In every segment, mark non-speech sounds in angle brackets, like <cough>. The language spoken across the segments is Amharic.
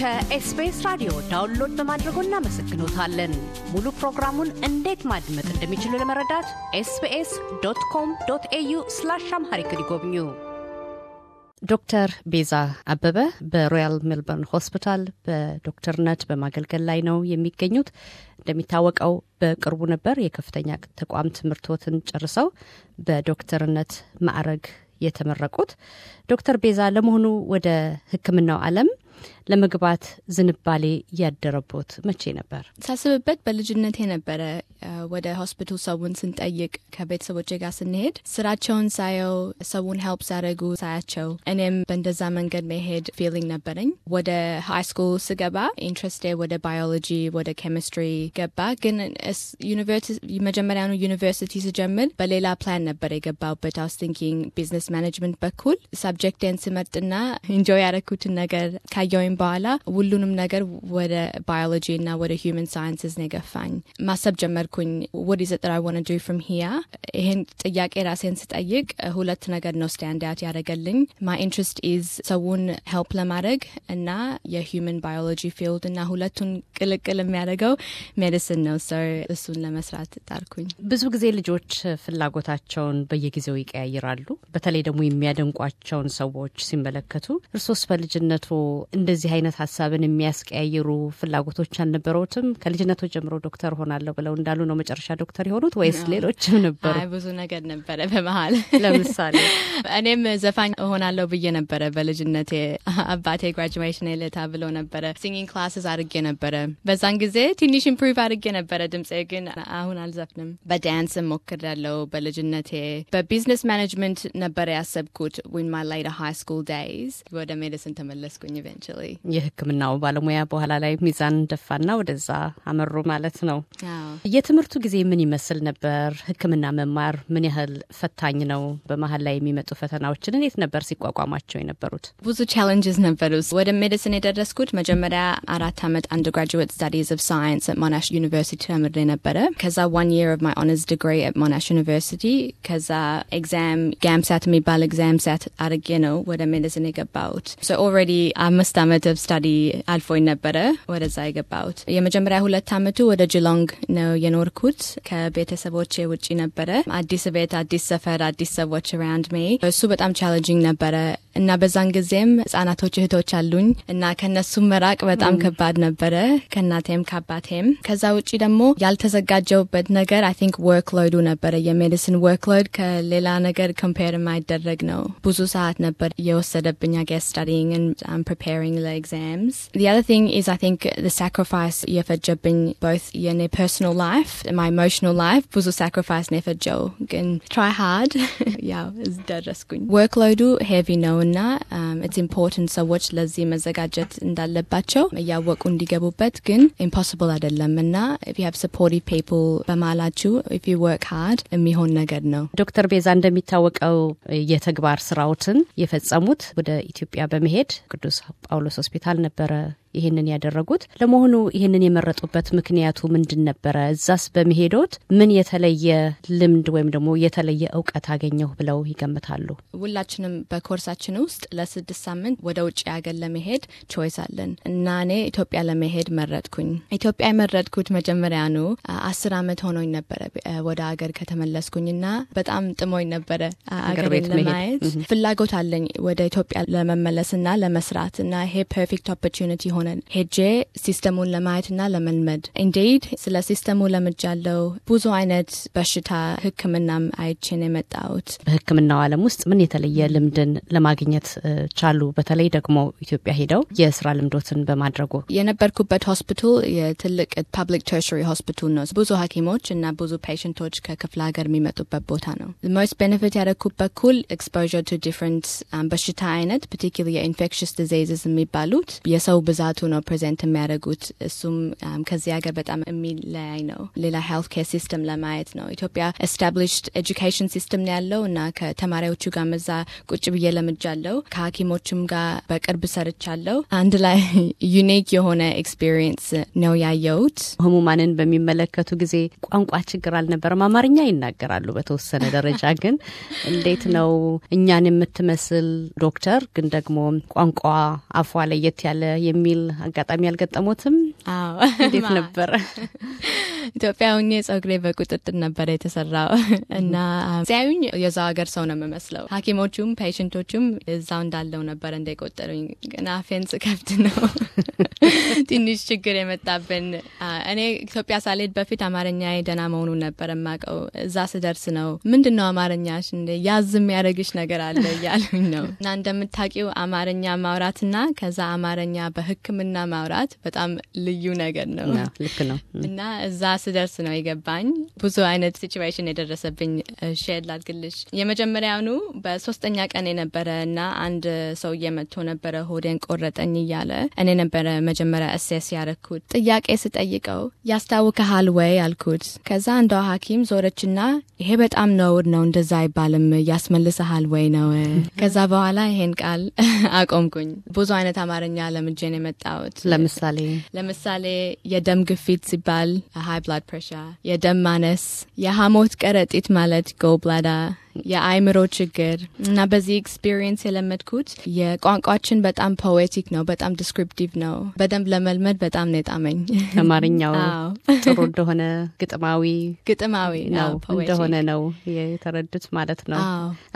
ከኤስቢኤስ ራዲዮ ዳውንሎድ በማድረጎ እናመሰግኖታለን። ሙሉ ፕሮግራሙን እንዴት ማድመጥ እንደሚችሉ ለመረዳት ኤስቢኤስ ዶት ኮም ዶት ኤዩ ስላሽ አምሃሪክ ይጎብኙ። ዶክተር ቤዛ አበበ በሮያል ሜልበርን ሆስፒታል በዶክተርነት በማገልገል ላይ ነው የሚገኙት። እንደሚታወቀው በቅርቡ ነበር የከፍተኛ ተቋም ትምህርቶትን ጨርሰው በዶክተርነት ማዕረግ የተመረቁት። ዶክተር ቤዛ ለመሆኑ ወደ ሕክምናው ዓለም ለመግባት ዝንባሌ ያደረቦት መቼ ነበር? ሳስብበት በልጅነት የነበረ ወደ ሆስፒታል ሰውን ስንጠይቅ ከቤተሰቦች ጋር ስንሄድ ስራቸውን ሳየው ሰውን ሄልፕ ሲያደርጉ ሳያቸው እኔም በእንደዛ መንገድ መሄድ ፊሊንግ ነበረኝ። ወደ ሃይ ስኩል ስገባ ኢንትረስቴ ወደ ባዮሎጂ ወደ ኬሚስትሪ ገባ። ግን መጀመሪያኑ ዩኒቨርሲቲ ስጀምር በሌላ ፕላን ነበር የገባውበት አውስ ቲንኪንግ ቢዝነስ ማኔጅመንት በኩል ሳብጀክቴን ስመርጥና ኢንጆይ ያደረኩትን ነገር ካ ካየውኝ በኋላ ሁሉንም ነገር ወደ ባዮሎጂ እና ወደ ሁማን ሳይንስስ ነገፋኝ ማሰብ ጀመርኩኝ ወደ ዘጥራ ወነ ጆይ ፍሮም ሂያ። ይህን ጥያቄ ራሴን ስጠይቅ ሁለት ነገር ነው ስታንድ ያደረገልኝ። ማይ ኢንትረስት ኢዝ ሰውን ሄልፕ ለማድረግ እና የሁማን ባዮሎጂ ፊልድ እና ሁለቱን ቅልቅል የሚያደርገው ሜዲሲን ነው። ሰ እሱን ለመስራት ጣርኩኝ። ብዙ ጊዜ ልጆች ፍላጎታቸውን በየጊዜው ይቀያይራሉ። በተለይ ደግሞ የሚያደንቋቸውን ሰዎች ሲመለከቱ እርሶስ በልጅነቱ እንደዚህ አይነት ሀሳብን የሚያስቀያይሩ ፍላጎቶች አልነበረውትም? ከልጅነቱ ጀምሮ ዶክተር ሆናለሁ ብለው እንዳሉ ነው መጨረሻ ዶክተር የሆኑት ወይስ ሌሎችም ነበሩ? ብዙ ነገር ነበረ በመሀል። ለምሳሌ <laughs> እኔም ዘፋኝ ሆናለሁ ብዬ ነበረ በልጅነቴ። አባቴ ግራጁዌሽን ዕለት ብለው ነበረ ሲንግንግ ክላስስ አድርጌ ነበረ። በዛን ጊዜ ትንሽ ኢምፕሩቭ አድርጌ ነበረ ድምፄ፣ ግን አሁን አልዘፍንም። በዳንስ ሞክሬያለሁ በልጅነቴ። በቢዝነስ ማኔጅመንት ነበረ ያሰብኩት ዊን ማይ ላይተር ሃይ ስኩል ዴይዝ ወደ ሜዲሲን ተመለስኩኝ። የሕክምናው ባለሙያ በኋላ ላይ ሚዛን ደፋና ወደዛ አመሩ ማለት ነው። የትምህርቱ ጊዜ ምን ይመስል ነበር? ሕክምና መማር ምን ያህል ፈታኝ ነው? በመሀል ላይ የሚመጡ ፈተናዎችን እንዴት ነበር ሲቋቋማቸው የነበሩት? ብዙ ቻለንጅስ ነበሩ። ወደ ሜዲሲን የደረስኩት መጀመሪያ አራት ዓመት አንድ ግራጅዌት ስታዲዝ ኦፍ ሳይንስ ሞናሽ ዩኒቨርሲቲ ተምሬ ነበረ። ከዛ ዋን የር ኦፍ ማይ ኦነርስ ዲግሪ ሞናሽ ዩኒቨርሲቲ ከዛ ኤግዛም ጋምሳት የሚባል ኤግዛም ሳት አድርጌ ነው ወደ ሜዲሲን የገባሁት ኦልሬዲ አምስት የስድስት ዓመት ስታዲ አልፎኝ ነበረ ወደዛ የገባሁት። የመጀመሪያ ሁለት ዓመቱ ወደ ጅሎንግ ነው የኖርኩት። ከቤተሰቦቼ ውጪ ነበረ። አዲስ ቤት፣ አዲስ ሰፈር፣ አዲስ ሰዎች ራንድ ሜ እሱ በጣም ቻለንጂንግ ነበረ እና በዛን ጊዜም ህጻናቶች እህቶች አሉኝ እና ከነሱም መራቅ በጣም ከባድ ነበረ ከእናቴም ከአባቴም። ከዛ ውጪ ደግሞ ያልተዘጋጀውበት ነገር አይ ቲንክ ወርክሎዱ ነበረ። የሜዲሲን ወርክሎድ ከሌላ ነገር ኮምፔር የማይደረግ ነው። ብዙ ሰዓት ነበር የወሰደብኝ አገ ስታዲንግ ፕሪፓሪንግ during the exams. The other thing is, I think the sacrifice you have to in both in their personal life and my emotional life was a sacrifice Never Joe and try hard. <laughs> yeah, it's daraskun. Workloadu heavy knowna. na. Um, it's important so watch ለዚህ መዘጋጀት እንዳለባቸው እያወቁ እንዲገቡበት ግን ኢምፖስብል አይደለም እና if you have supportive people በማላችሁ if you work hard የሚሆን ነገር ነው። ዶክተር ቤዛ እንደሚታወቀው የተግባር ስራዎትን የፈጸሙት ወደ ኢትዮጵያ በመሄድ ቅዱስ ጳውሎስ ሆስፒታል ነበረ ይህንን ያደረጉት። ለመሆኑ ይህንን የመረጡበት ምክንያቱ ምንድን ነበረ? እዛስ በመሄዶት ምን የተለየ ልምድ ወይም ደግሞ የተለየ እውቀት አገኘሁ ብለው ይገምታሉ? ሁላችንም በኮርሳችን ውስጥ ለስድስት ሳምንት ወደ ውጭ ሀገር ለመሄድ ቾይስ አለን እና እኔ ኢትዮጵያ ለመሄድ መረጥኩኝ። ኢትዮጵያ የመረጥኩት መጀመሪያኑ አስር አመት ሆኖኝ ነበረ ወደ ሀገር ከተመለስኩኝ እና በጣም ጥሞኝ ነበረ አገሬን ለማየት ፍላጎት አለኝ ወደ ኢትዮጵያ ለመመለስ ና ለመስራት እና ይሄ ፐርፌክት ኦፖርቹኒቲ ሆነ ሆነን ሄጄ ሲስተሙን ለማየትና ለመልመድ ኢንዲድ ስለ ሲስተሙ ለምጃለው። ብዙ አይነት በሽታ ህክምናም አይቼን የመጣሁት በህክምናው ዓለም ውስጥ ምን የተለየ ልምድን ለማግኘት ቻሉ? በተለይ ደግሞ ኢትዮጵያ ሄደው የስራ ልምዶትን በማድረጉ የነበርኩበት ሆስፒታል የትልቅ ፐብሊክ ተርሸሪ ሆስፒታል ነው። ብዙ ሀኪሞች እና ብዙ ፔሽንቶች ከክፍለ ሀገር የሚመጡበት ቦታ ነው። ሞስት ቤኔፊት ያደረኩት በኩል ኤክስፖዠር ቱ ዲፍረንት በሽታ አይነት ፓርቲክል የኢንፌክሽስ ዲዚዝስ የሚባሉት የሰው ብዛት ቱ ነው ፕሬዘንት የሚያደርጉት። እሱም um, ከዚህ ሀገር በጣም የሚለያይ ነው። ሌላ ሄልት ኬር ሲስተም ለማየት ነው። ኢትዮጵያ ኤስታብሊሽድ ኤጁኬሽን ሲስተም ነው ያለው እና ከተማሪዎቹ ጋር መዛ ቁጭ ብዬ ለምጃለው። ከሐኪሞችም ጋር በቅርብ ሰርቻለው። አንድ ላይ ዩኒክ <laughs> የሆነ ኤክስፒሪየንስ ነው ያየውት። ህሙማንን በሚመለከቱ ጊዜ ቋንቋ ችግር አልነበረም። አማርኛ ይናገራሉ በተወሰነ ደረጃ <laughs> ግን እንዴት ነው እኛን የምትመስል ዶክተር ግን ደግሞ ቋንቋ አፏ ለየት ያለ የሚል የሚል አጋጣሚ አልገጠሞትም? እንዴት ነበረ? <laughs> ኢትዮጵያ ሁኜ ጸጉሬ በቁጥጥር ነበረ የተሰራው <laughs> እና ሲያዩኝ የዛው ሀገር ሰው ነው የምመስለው። ሐኪሞቹም ፔሽንቶቹም እዛው እንዳለው ነበረ እንደቆጠሩኝ። ግን አፌን ስከፍት ነው <laughs> ትንሽ ችግር የመጣብን። እኔ ኢትዮጵያ ሳልሄድ በፊት አማርኛ ደህና መሆኑ ነበር የማውቀው። እዛ ስደርስ ነው ምንድን ነው አማርኛሽ እንደ ያዝ የሚያደርግሽ ነገር አለ እያሉኝ ነው <laughs> እና እንደምታውቂው አማርኛ ማውራትና ከዛ አማርኛ በህክምና ማውራት በጣም ልዩ ነገር ነው። ልክ ነው እና እዛ ስደርስ ነው የገባኝ። ብዙ አይነት ሲትዌሽን የደረሰብኝ ሼድ ላድግልሽ የመጀመሪያውኑ በሶስተኛ ቀን የነበረ እና አንድ ሰው መጥቶ ነበረ ሆዴን ቆረጠኝ እያለ እኔ ነበረ መጀመሪያ እሴስ ያረኩት። ጥያቄ ስጠይቀው ያስታውከሃል ወይ አልኩት። ከዛ አንዷ ሀኪም ዞረችና ይሄ በጣም ነውር ነው እንደዛ አይባልም ያስመልሰሃል ወይ ነው። ከዛ በኋላ ይሄን ቃል <laughs> አቆምኩኝ። ብዙ አይነት አማርኛ ለምጄን የመጣውት ለምሳሌ ለምሳሌ የደም ግፊት ሲባል የብላድ ፕሬሸር፣ የደም ማነስ፣ የሐሞት ከረጢት ማለት ጎልብላዳ የአእምሮ ችግር እና በዚህ ኤክስፒሪየንስ የለመድኩት የቋንቋችን በጣም ፖኤቲክ ነው፣ በጣም ዲስክሪፕቲቭ ነው። በደንብ ለመልመድ በጣም ነው የጣመኝ። አማርኛው ጥሩ እንደሆነ ግጥማዊ ግጥማዊ ነው እንደሆነ ነው የተረዱት ማለት ነው።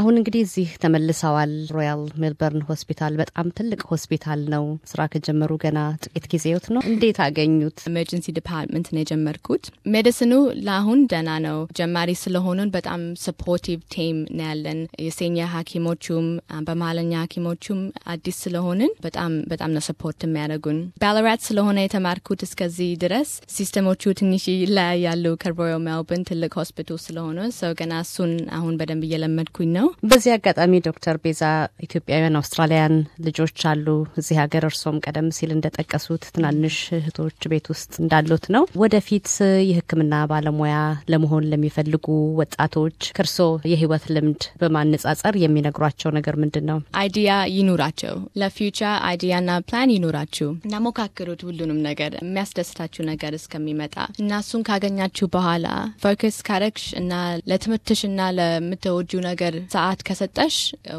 አሁን እንግዲህ እዚህ ተመልሰዋል። ሮያል ሜልበርን ሆስፒታል በጣም ትልቅ ሆስፒታል ነው። ስራ ከጀመሩ ገና ጥቂት ጊዜዎት ነው። እንዴት አገኙት? ኤመርጀንሲ ዲፓርትመንት ነው የጀመርኩት። ሜዲሲኑ ለአሁን ደና ነው። ጀማሪ ስለሆኑን በጣም ሰፖርቲቭ ሄም ነው ያለን። የሴኛ ሐኪሞቹም በመሀለኛ ሐኪሞቹም አዲስ ስለሆንን በጣም በጣም ነው ሰፖርት የሚያደርጉን። ባለራት ስለሆነ የተማርኩት እስከዚህ ድረስ ሲስተሞቹ ትንሽ ይለያያሉ። ከሮያል ሜልበርን ትልቅ ሆስፒታል ስለሆነ ሰው ገና እሱን አሁን በደንብ እየለመድኩኝ ነው። በዚህ አጋጣሚ ዶክተር ቤዛ ኢትዮጵያውያን አውስትራሊያን ልጆች አሉ እዚህ ሀገር። እርሶም ቀደም ሲል እንደጠቀሱት ትናንሽ እህቶች ቤት ውስጥ እንዳሉት ነው። ወደፊት የህክምና ባለሙያ ለመሆን ለሚፈልጉ ወጣቶች ከእርሶ የህይወት የህይወት ልምድ በማነጻጸር የሚነግሯቸው ነገር ምንድን ነው? አይዲያ ይኑራቸው። ለፊውቸር አይዲያና ፕላን ይኑራችሁ እና ሞካክሩት። ሁሉንም ነገር የሚያስደስታችሁ ነገር እስከሚመጣ እና እሱን ካገኛችሁ በኋላ ፎከስ ካረግሽ እና ለትምህርትሽ እና ለምትወጁ ነገር ሰዓት ከሰጠሽ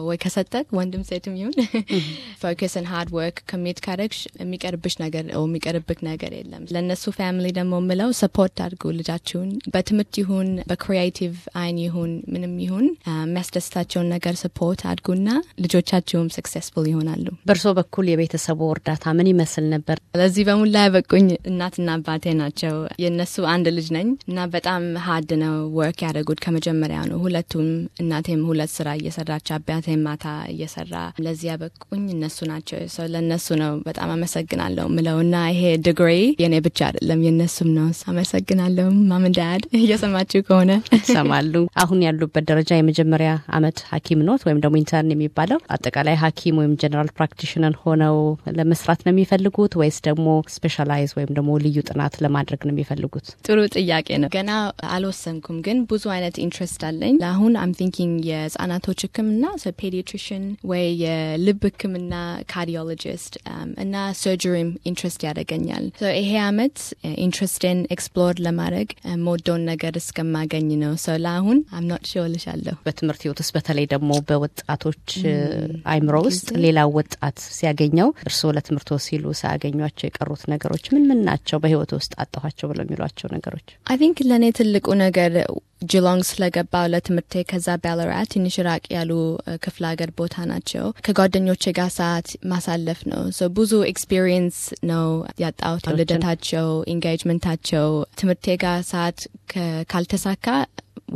ወይ ከሰጠቅ ወንድም ሴትም ይሁን <laughs> ፎከስን ሃርድ ወርክ ከሜት ካረግሽ የሚቀርብሽ ነገር የሚቀርብክ ነገር የለም። ለእነሱ ፋሚሊ ደግሞ ምለው ሰፖርት አድርጉ ልጃችሁን በትምህርት ይሁን በክሪኤቲቭ አይን ይሁን ምንም ይሁን አድርጉን። የሚያስደስታቸውን ነገር ስፖርት አድጉና ልጆቻቸውም ስክሴስፉል ይሆናሉ። በእርሶ በኩል የቤተሰቡ እርዳታ ምን ይመስል ነበር? ለዚህ በሙላ ያበቁኝ እናትና አባቴ ናቸው። የእነሱ አንድ ልጅ ነኝ እና በጣም ሀድ ነው ወርክ ያደጉት ከመጀመሪያ ነው። ሁለቱም እናቴም ሁለት ስራ እየሰራች አባቴም ማታ እየሰራ ለዚህ ያበቁኝ እነሱ ናቸው። ለእነሱ ነው በጣም አመሰግናለሁ ምለው እና ይሄ ድግሪ የእኔ ብቻ አይደለም የእነሱም ነው። አመሰግናለሁ ማምዳድ እየሰማችሁ ከሆነ ይሰማሉ። አሁን ያሉበት ደረጃ ደረጃ የመጀመሪያ አመት ሐኪም ኖት ወይም ደግሞ ኢንተርን የሚባለው አጠቃላይ ሐኪም ወይም ጀነራል ፕራክቲሽነር ሆነው ለመስራት ነው የሚፈልጉት ወይስ ደግሞ ስፔሻላይዝ ወይም ደግሞ ልዩ ጥናት ለማድረግ ነው የሚፈልጉት? ጥሩ ጥያቄ ነው። ገና አልወሰንኩም፣ ግን ብዙ አይነት ኢንትረስት አለኝ። አሁን አም ቲንኪንግ የህጻናቶች ህክምና ፔዲትሪሽን ወይ የልብ ህክምና ካርዲዮሎጂስት um, እና ሰርጀሪም ኢንትረስት ያደገኛል። ይሄ አመት ኢንትረስቴን ኤክስፕሎር ለማድረግ መወደውን ነገር እስከማገኝ ነው። ለአሁን አምናት ሽወልሻል እላለሁ። በትምህርት ህይወት ውስጥ በተለይ ደግሞ በወጣቶች አይምሮ ውስጥ ሌላ ወጣት ሲያገኘው እርስዎ ለትምህርቶ ሲሉ ሳያገኟቸው የቀሩት ነገሮች ምን ምን ናቸው? በህይወት ውስጥ አጣኋቸው ብለው የሚሏቸው ነገሮች አይ ቲንክ ለእኔ ትልቁ ነገር ጅሎንግ ስለገባው ለትምህርቴ ከዛ ባለራ ትንሽ ራቅ ያሉ ክፍለ ሀገር ቦታ ናቸው። ከጓደኞቼ ጋር ሰዓት ማሳለፍ ነው። ብዙ ኤክስፒሪየንስ ነው ያጣሁት። ልደታቸው፣ ኢንጋጅመንታቸው፣ ትምህርቴ ጋር ሰዓት ካልተሳካ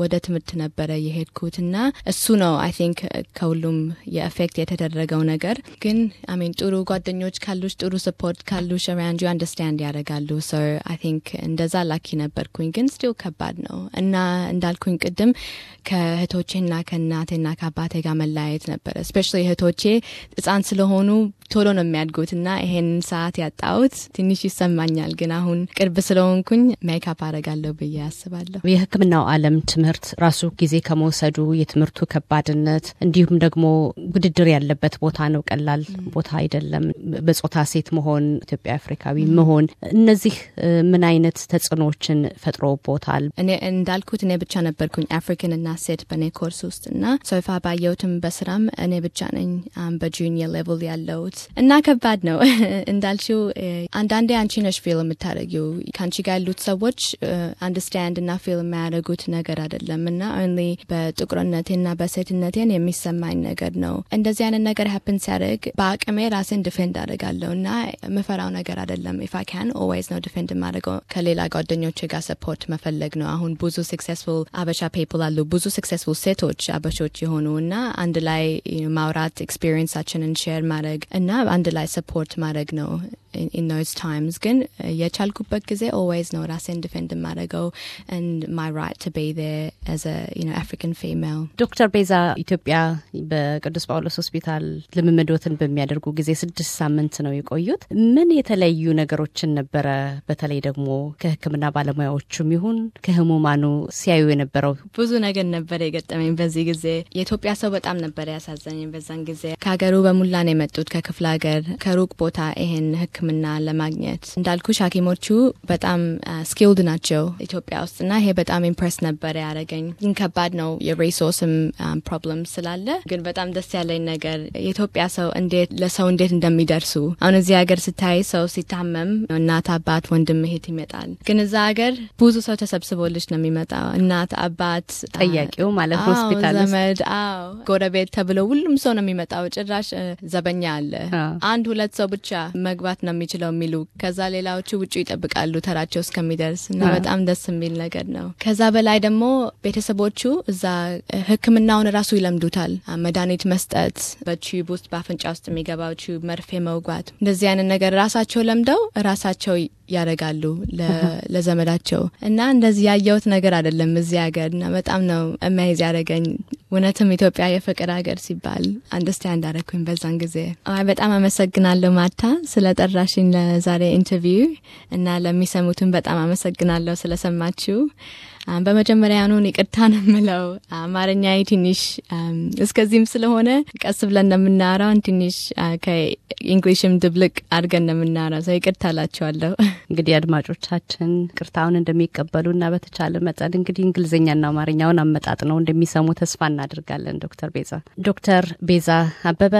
ወደ ትምህርት ነበረ የሄድኩት እና እሱ ነው አይ ቲንክ ከሁሉም የኤፌክት የተደረገው ነገር። ግን አሚን ጥሩ ጓደኞች ካሉሽ፣ ጥሩ ስፖርት ካሉሽ ራንጂ አንደርስታንድ ያደርጋሉ። ሶ አይ ቲንክ እንደዛ ላኪ ነበርኩኝ። ግን ስቲል ከባድ ነው እና እንዳልኩኝ ቅድም ከእህቶቼና ከእናቴና ከአባቴ ጋር መለያየት ነበረ። ስፔሻ እህቶቼ ህፃን ስለሆኑ ቶሎ ነው የሚያድጉት እና ይሄን ሰዓት ያጣሁት ትንሽ ይሰማኛል። ግን አሁን ቅርብ ስለሆንኩኝ ሜካፕ አረጋለሁ ብዬ አስባለሁ። የሕክምናው ዓለም ትምህርት ራሱ ጊዜ ከመውሰዱ የትምህርቱ ከባድነት እንዲሁም ደግሞ ውድድር ያለበት ቦታ ነው። ቀላል ቦታ አይደለም። በጾታ ሴት መሆን፣ ኢትዮጵያ አፍሪካዊ መሆን እነዚህ ምን አይነት ተጽዕኖዎችን ፈጥሮ ቦታል? እኔ እንዳልኩት እኔ ብቻ ነበርኩኝ አፍሪካን እና ሴት በእኔ ኮርስ ውስጥ እና ሶፋ ባየሁትም በስራም እኔ ብቻ ነኝ በጁኒየር ሌቭል ያለሁት እና ከባድ ነው እንዳልሽው አንዳንዴ አንቺ ነሽ ፌል የምታደረጊው ከአንቺ ጋር ያሉት ሰዎች አንድስታንድ እና ፌል የማያደረጉት ነገር አይደለም እና ኦንሊ በጥቁርነቴና በሴትነቴን የሚሰማኝ ነገር ነው እንደዚህ አይነት ነገር ሀፕን ሲያደርግ በአቅሜ ራሴን ዲፌንድ አደርጋለሁ እና ምፈራው ነገር አይደለም ኢፋካን ኦልዌይዝ ነው ዲፌንድ የማደርገው ከሌላ ጓደኞች ጋር ሰፖርት መፈለግ ነው አሁን ብዙ ስክሴስፉል አበሻ ፔፕል አሉ ብዙ ስክሴስፉል ሴቶች አበሾች የሆኑ እና አንድ ላይ ማውራት ኤክስፒሪየንሳችንን ሼር ማድረግ እና እና አንድ ላይ ሰፖርት ማድረግ ነው ኢን ኖዝ ታይምስ ግን uh, የቻልኩበት ጊዜ ኦልዌይዝ ነው ራሴን ዲፌንድ የማደርገው ኤንድ ማይ ራይት ቱ ቢ ዜር ኤዝ አፍሪካን ፊሜል። ዶክተር ቤዛ ኢትዮጵያ በቅዱስ ጳውሎስ ሆስፒታል ልምምዶትን በሚያደርጉ ጊዜ ስድስት ሳምንት ነው የቆዩት። ምን የተለዩ ነገሮችን ነበረ በተለይ ደግሞ ከህክምና ባለሙያዎቹም ይሁን ከህሙማኑ ሲያዩ የነበረው? ብዙ ነገር ነበረ የገጠመኝ በዚህ ጊዜ። የኢትዮጵያ ሰው በጣም ነበረ ያሳዘነኝ በዛን ጊዜ። ከሀገሩ በሙላ የመጡት ከክፍለ ሀገር ከሩቅ ቦታ ይሄን ህክ ሕክምና ለማግኘት እንዳልኩሽ ሐኪሞቹ በጣም ስኪልድ ናቸው ኢትዮጵያ ና ይሄ በጣም ኢምፕሬስ ነበረ ያደረገኝ። ግን ከባድ ነው የሬሶስም ፕሮብለም ስላለ፣ ግን በጣም ደስ ያለኝ ነገር የኢትዮጵያ ሰው እንዴት ለሰው እንዴት እንደሚደርሱ አሁን እዚህ ሀገር ስታይ ሰው ሲታመም እናት፣ አባት፣ ወንድም እህት ይመጣል። ግን እዛ ሀገር ብዙ ሰው ተሰብስቦልሽ ነው የሚመጣው። እናት፣ አባት፣ ጠያቂው ማለት ሆስፒታል፣ ዘመድ፣ አዎ ጎረቤት ተብለው ሁሉም ሰው ነው የሚመጣው። ጭራሽ ዘበኛ አለ። አንድ ሁለት ሰው ብቻ መግባት ነው የሚችለው የሚሉ ከዛ ሌላዎቹ ውጭ ይጠብቃሉ ተራቸው እስከሚደርስ እና በጣም ደስ የሚል ነገር ነው። ከዛ በላይ ደግሞ ቤተሰቦቹ እዛ ህክምናውን ራሱ ይለምዱታል። መድኃኒት መስጠት፣ በቲዩብ ውስጥ በአፍንጫ ውስጥ የሚገባው ቲዩብ መርፌ መውጓት እንደዚህ አይነት ነገር ራሳቸው ለምደው ራሳቸው ያደርጋሉ <laughs> ለዘመዳቸው እና እንደዚህ ያየውት ነገር አይደለም እዚህ ሀገር እና በጣም ነው የሚያይዝ ያደረገኝ እውነትም ኢትዮጵያ የፍቅር ሀገር ሲባል አንደርስታንድ አደረኩኝ በዛን ጊዜ። አይ በጣም አመሰግናለሁ ማታ ስለ ጠራሽኝ ለዛሬ ኢንተርቪው እና ለሚሰሙትም በጣም አመሰግናለሁ ስለሰማችሁ። በመጀመሪያ በመጀመሪያኑን ይቅርታ ነው የምለው። አማርኛዬ ትንሽ እስከዚህም ስለሆነ ቀስ ብለን እንደምናራው ትንሽ ከኢንግሊሽም ድብልቅ አድርገን እንደምናራው ሰው ይቅርታ ላችኋለሁ። እንግዲህ አድማጮቻችን ቅርታውን እንደሚቀበሉ እና በተቻለ መጠን እንግዲህ እንግሊዝኛና አማርኛውን አመጣጥ ነው እንደሚሰሙ ተስፋ እናደርጋለን። ዶክተር ቤዛ ዶክተር ቤዛ አበበ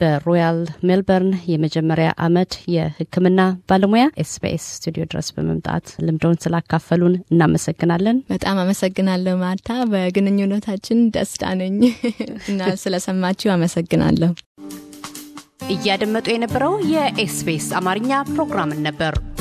በሮያል ሜልበርን የመጀመሪያ አመት የሕክምና ባለሙያ ኤስቢኤስ ስቱዲዮ ድረስ በመምጣት ልምደውን ስላካፈሉን እናመሰግናለን። በጣም አመሰግናለሁ ማርታ። በግንኙነታችን ደስታ ነኝ <laughs> እና ስለሰማችሁ አመሰግናለሁ። እያደመጡ የነበረው የኤስቢኤስ አማርኛ ፕሮግራምን ነበር።